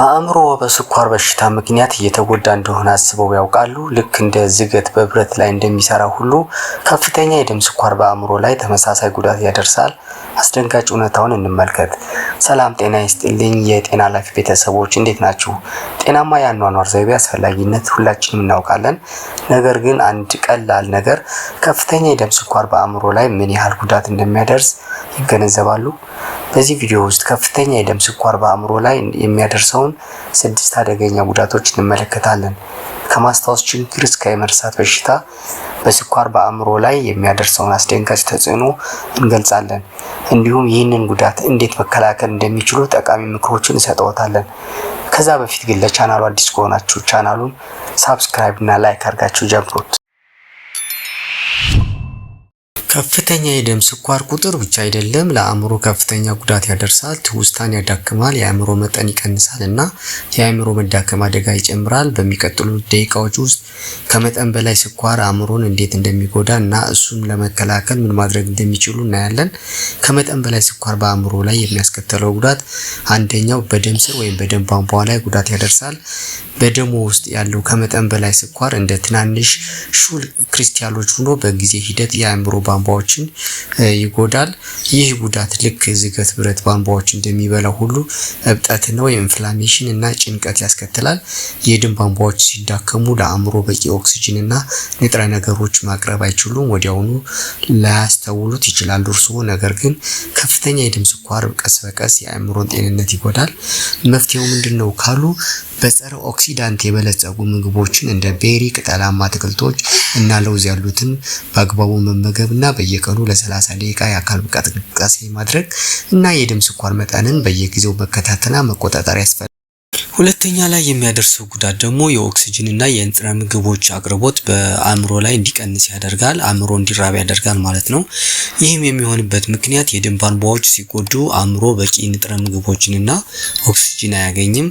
አእምሮ በስኳር በሽታ ምክንያት እየተጎዳ እንደሆነ አስበው ያውቃሉ? ልክ እንደ ዝገት በብረት ላይ እንደሚሰራ ሁሉ ከፍተኛ የደም ስኳር በአእምሮ ላይ ተመሳሳይ ጉዳት ያደርሳል። አስደንጋጭ እውነታውን እንመልከት። ሰላም ጤና ይስጥልኝ። የጤና ላፊ ቤተሰቦች እንዴት ናችሁ? ጤናማ የአኗኗር ዘይቤ አስፈላጊነት ሁላችንም እናውቃለን። ነገር ግን አንድ ቀላል ነገር ከፍተኛ የደም ስኳር በአእምሮ ላይ ምን ያህል ጉዳት እንደሚያደርስ ይገነዘባሉ? በዚህ ቪዲዮ ውስጥ ከፍተኛ የደም ስኳር በአእምሮ ላይ የሚያደርሰውን ስድስት አደገኛ ጉዳቶች እንመለከታለን። ከማስታወስ ችግር እስከ የመርሳት በሽታ በስኳር በአእምሮ ላይ የሚያደርሰውን አስደንጋጭ ተጽዕኖ እንገልጻለን። እንዲሁም ይህንን ጉዳት እንዴት መከላከል እንደሚችሉ ጠቃሚ ምክሮችን እንሰጠዎታለን። ከዛ በፊት ግን ለቻናሉ አዲስ ከሆናችሁ ቻናሉን ሳብስክራይብ እና ላይክ አድርጋችሁ ጀምሩት። ከፍተኛ የደም ስኳር ቁጥር ብቻ አይደለም ለአእምሮ ከፍተኛ ጉዳት ያደርሳል። ትውስታን ያዳክማል፣ የአእምሮ መጠን ይቀንሳል እና የአእምሮ መዳከም አደጋ ይጨምራል። በሚቀጥሉት ደቂቃዎች ውስጥ ከመጠን በላይ ስኳር አእምሮን እንዴት እንደሚጎዳ እና እሱም ለመከላከል ምን ማድረግ እንደሚችሉ እናያለን። ከመጠን በላይ ስኳር በአእምሮ ላይ የሚያስከተለው ጉዳት አንደኛው በደም ስር ወይም በደም ቧንቧ ላይ ጉዳት ያደርሳል። በደሙ ውስጥ ያለው ከመጠን በላይ ስኳር እንደ ትናንሽ ሹል ክሪስታሎች ሆኖ በጊዜ ሂደት የአእምሮ ቧንቧ ቧንቧዎችን ይጎዳል። ይህ ጉዳት ልክ ዝገት ብረት ቧንቧዎች እንደሚበላው ሁሉ እብጠትን ወይም ኢንፍላሜሽን እና ጭንቀት ያስከትላል። የደም ቧንቧዎች ሲዳከሙ ለአእምሮ በቂ ኦክሲጅን እና ንጥረ ነገሮች ማቅረብ አይችሉም። ወዲያውኑ ላያስተውሉት ይችላሉ እርስዎ። ነገር ግን ከፍተኛ የደም ስኳር ቀስ በቀስ የአእምሮን ጤንነት ይጎዳል። መፍትሄው ምንድን ነው ካሉ በጸረ ኦክሲዳንት የበለጸጉ ምግቦችን እንደ ቤሪ፣ ቅጠላማ አትክልቶች እና ለውዝ ያሉትን በአግባቡ መመገብና በየቀኑ ለ30 ደቂቃ የአካል ብቃት እንቅስቃሴ ማድረግ እና የደም ስኳር መጠንን በየጊዜው መከታተልና መቆጣጠር ያስፈልጋል። ሁለተኛ ላይ የሚያደርሰው ጉዳት ደግሞ የኦክስጅን እና የንጥረ ምግቦች አቅርቦት በአእምሮ ላይ እንዲቀንስ ያደርጋል፣ አእምሮ እንዲራብ ያደርጋል ማለት ነው። ይህም የሚሆንበት ምክንያት የደም ቧንቧዎች ሲጎዱ አእምሮ በቂ ንጥረ ምግቦችን እና ኦክስጅን አያገኝም።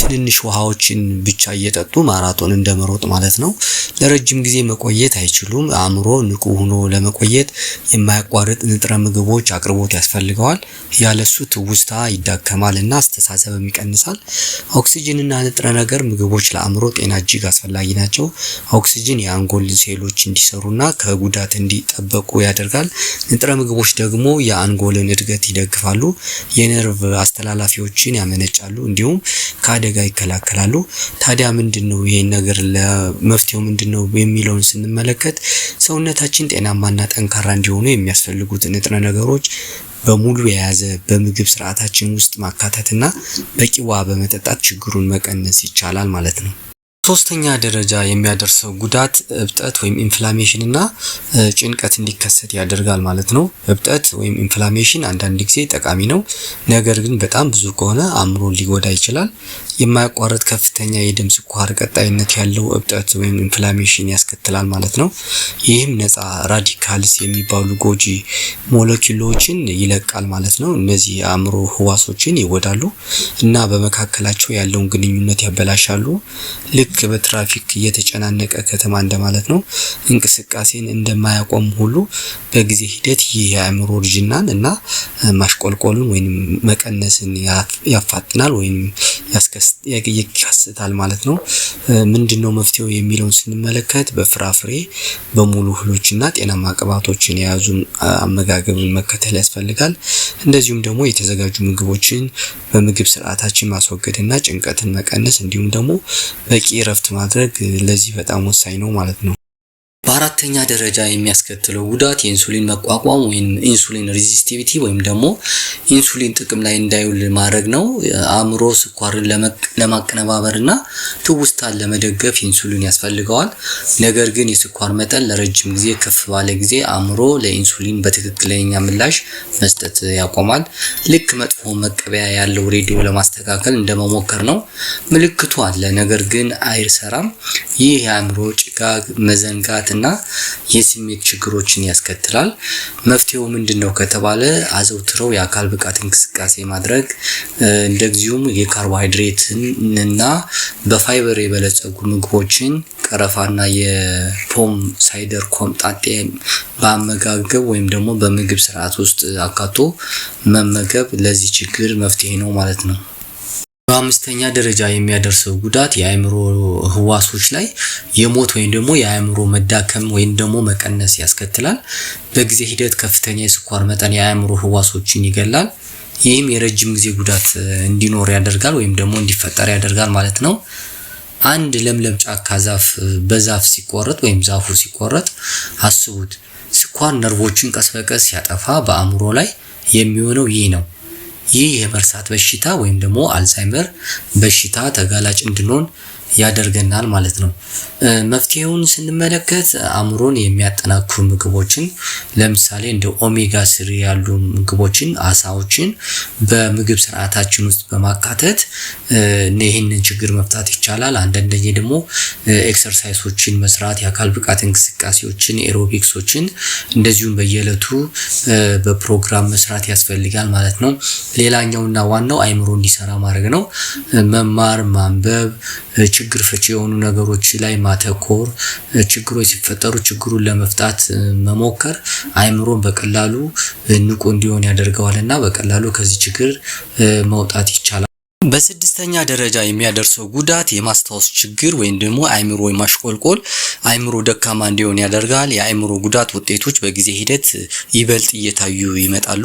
ትንንሽ ውሃዎችን ብቻ እየጠጡ ማራቶን እንደመሮጥ ማለት ነው። ለረጅም ጊዜ መቆየት አይችሉም። አእምሮ ንቁ ሆኖ ለመቆየት የማያቋርጥ ንጥረ ምግቦች አቅርቦት ያስፈልገዋል። ያለሱ ትውስታ ይዳከማል እና አስተሳሰብም ይቀንሳል። ኦክሲጅንና ንጥረ ነገር ምግቦች ለአእምሮ ጤና እጅግ አስፈላጊ ናቸው። ኦክሲጅን የአንጎል ሴሎች እንዲሰሩና ከጉዳት እንዲጠበቁ ያደርጋል። ንጥረ ምግቦች ደግሞ የአንጎልን እድገት ይደግፋሉ፣ የነርቭ አስተላላፊዎችን ያመነጫሉ እንዲሁም ከአደጋ ይከላከላሉ። ታዲያ ምንድን ነው ይህን ነገር ለመፍትሄው ምንድን ነው የሚለውን ስንመለከት ሰውነታችን ጤናማና ጠንካራ እንዲሆኑ የሚያስፈልጉት ንጥረ ነገሮች በሙሉ የያዘ በምግብ ስርዓታችን ውስጥ ማካተትና በቂ ውሃ በመጠጣት ችግሩን መቀነስ ይቻላል ማለት ነው። ሶስተኛ ደረጃ የሚያደርሰው ጉዳት እብጠት ወይም ኢንፍላሜሽን እና ጭንቀት እንዲከሰት ያደርጋል ማለት ነው። እብጠት ወይም ኢንፍላሜሽን አንዳንድ ጊዜ ጠቃሚ ነው፣ ነገር ግን በጣም ብዙ ከሆነ አእምሮ ሊጎዳ ይችላል። የማያቋርጥ ከፍተኛ የደም ስኳር ቀጣይነት ያለው እብጠት ወይም ኢንፍላሜሽን ያስከትላል ማለት ነው። ይህም ነፃ ራዲካልስ የሚባሉ ጎጂ ሞለኪሎችን ይለቃል ማለት ነው። እነዚህ የአእምሮ ህዋሶችን ይወዳሉ። እና በመካከላቸው ያለውን ግንኙነት ያበላሻሉ። ልክ በትራፊክ እየተጨናነቀ ከተማ እንደማለት ነው። እንቅስቃሴን እንደማያቆም ሁሉ በጊዜ ሂደት ይህ የአእምሮ እርጅናን እና ማሽቆልቆልን ወይም መቀነስን ያፋጥናል ወይም ያስከስታል ማለት ነው። ምንድን ነው መፍትሄው የሚለውን ስንመለከት በፍራፍሬ በሙሉ እህሎችና ጤናማ ቅባቶችን የያዙ አመጋገብን መከተል ያስፈልጋል። እንደዚሁም ደግሞ የተዘጋጁ ምግቦችን በምግብ ስርዓታችን ማስወገድና ጭንቀትን መቀነስ እንዲሁም ደግሞ በቂ እረፍት ማድረግ ለዚህ በጣም ወሳኝ ነው ማለት ነው። በአራተኛ ደረጃ የሚያስከትለው ጉዳት የኢንሱሊን መቋቋም ወይም ኢንሱሊን ሬዚስቲቪቲ ወይም ደግሞ ኢንሱሊን ጥቅም ላይ እንዳይውል ማድረግ ነው። አእምሮ ስኳርን ለማቀነባበር እና ትውስታን ለመደገፍ ኢንሱሊን ያስፈልገዋል። ነገር ግን የስኳር መጠን ለረጅም ጊዜ ከፍ ባለ ጊዜ አእምሮ ለኢንሱሊን በትክክለኛ ምላሽ መስጠት ያቆማል። ልክ መጥፎ መቀበያ ያለው ሬዲዮ ለማስተካከል እንደመሞከር ነው። ምልክቱ አለ፣ ነገር ግን አይሰራም። ይህ የአእምሮ ጭጋግ መዘንጋት እና የስሜት ችግሮችን ያስከትላል። መፍትሄው ምንድን ነው ከተባለ አዘውትረው የአካል ብቃት እንቅስቃሴ ማድረግ እንደዚሁም የካርቦሃይድሬትን እና በፋይበር የበለጸጉ ምግቦችን ቀረፋና የፖም ሳይደር ኮምጣጤ በአመጋገብ ወይም ደግሞ በምግብ ስርዓት ውስጥ አካቶ መመገብ ለዚህ ችግር መፍትሄ ነው ማለት ነው። በአምስተኛ ደረጃ የሚያደርሰው ጉዳት የአእምሮ ህዋሶች ላይ የሞት ወይም ደግሞ የአእምሮ መዳከም ወይም ደግሞ መቀነስ ያስከትላል። በጊዜ ሂደት ከፍተኛ የስኳር መጠን የአእምሮ ህዋሶችን ይገላል። ይህም የረጅም ጊዜ ጉዳት እንዲኖር ያደርጋል ወይም ደግሞ እንዲፈጠር ያደርጋል ማለት ነው። አንድ ለምለም ጫካ ዛፍ በዛፍ ሲቆረጥ ወይም ዛፉ ሲቆረጥ አስቡት፣ ስኳር ነርቮችን ቀስ በቀስ ሲያጠፋ በአእምሮ ላይ የሚሆነው ይህ ነው። ይህ የመርሳት በሽታ ወይም ደግሞ አልዛይመር በሽታ ተጋላጭ እንድንሆን ያደርገናል ማለት ነው። መፍትሄውን ስንመለከት አእምሮን የሚያጠናክሩ ምግቦችን ለምሳሌ እንደ ኦሜጋ ስሪ ያሉ ምግቦችን፣ አሳዎችን በምግብ ስርዓታችን ውስጥ በማካተት ይህንን ችግር መፍታት ይቻላል። አንዳንደኛ ደግሞ ኤክሰርሳይሶችን መስራት፣ የአካል ብቃት እንቅስቃሴዎችን፣ ኤሮቢክሶችን እንደዚሁም በየዕለቱ በፕሮግራም መስራት ያስፈልጋል ማለት ነው። ሌላኛውና ዋናው አእምሮ እንዲሰራ ማድረግ ነው። መማር፣ ማንበብ ችግር ፈቺ የሆኑ ነገሮች ላይ ማተኮር፣ ችግሮች ሲፈጠሩ ችግሩን ለመፍታት መሞከር አይምሮን በቀላሉ ንቁ እንዲሆን ያደርገዋል እና በቀላሉ ከዚህ ችግር መውጣት ይቻላል። በስድስተኛ ደረጃ የሚያደርሰው ጉዳት የማስታወስ ችግር ወይም ደግሞ አእምሮ የማሽቆልቆል አእምሮ ደካማ እንዲሆን ያደርጋል። የአእምሮ ጉዳት ውጤቶች በጊዜ ሂደት ይበልጥ እየታዩ ይመጣሉ።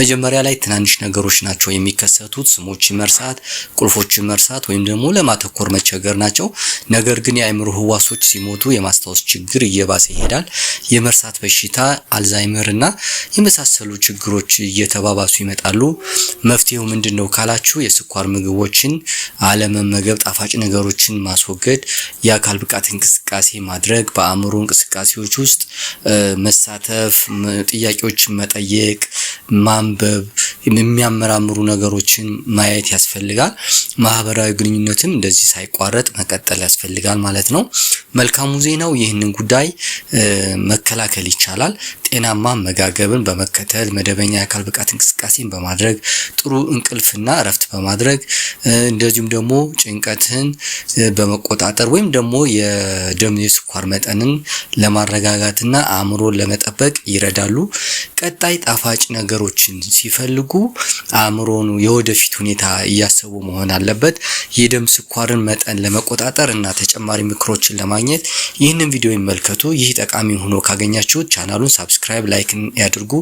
መጀመሪያ ላይ ትናንሽ ነገሮች ናቸው የሚከሰቱት፣ ስሞችን መርሳት፣ ቁልፎችን መርሳት ወይም ደግሞ ለማተኮር መቸገር ናቸው። ነገር ግን የአእምሮ ህዋሶች ሲሞቱ የማስታወስ ችግር እየባሰ ይሄዳል። የመርሳት በሽታ፣ አልዛይመር እና የመሳሰሉ ችግሮች እየተባባሱ ይመጣሉ። መፍትሄው ምንድን ነው ካላችሁ የስኳር ምግቦችን አለመመገብ፣ ጣፋጭ ነገሮችን ማስወገድ፣ የአካል ብቃት እንቅስቃሴ ማድረግ፣ በአእምሮ እንቅስቃሴዎች ውስጥ መሳተፍ፣ ጥያቄዎችን መጠየቅ፣ ማንበብ፣ የሚያመራምሩ ነገሮችን ማየት ያስፈልጋል። ማህበራዊ ግንኙነትም እንደዚህ ሳይቋረጥ መቀጠል ያስፈልጋል ማለት ነው። መልካሙ ዜናው ይህንን ጉዳይ መከላከል ይቻላል። ጤናማ አመጋገብን በመከተል መደበኛ የአካል ብቃት እንቅስቃሴን በማድረግ ጥሩ እንቅልፍና እረፍት በማድረግ እንደዚሁም ደግሞ ጭንቀትን በመቆጣጠር ወይም ደግሞ የደም የስኳር መጠንን ለማረጋጋትና አእምሮን ለመጠበቅ ይረዳሉ። ቀጣይ ጣፋጭ ነገሮችን ሲፈልጉ አእምሮን የወደፊት ሁኔታ እያሰቡ መሆን አለበት። የደም ስኳርን መጠን ለመቆጣጠር እና ተጨማሪ ምክሮችን ለማግኘት ይህንን ቪዲዮ ይመልከቱ። ይህ ጠቃሚ ሆኖ ካገኛችሁት ቻናሉን ሳብስ ሰብስክራይብ፣ ላይክን ያድርጉ።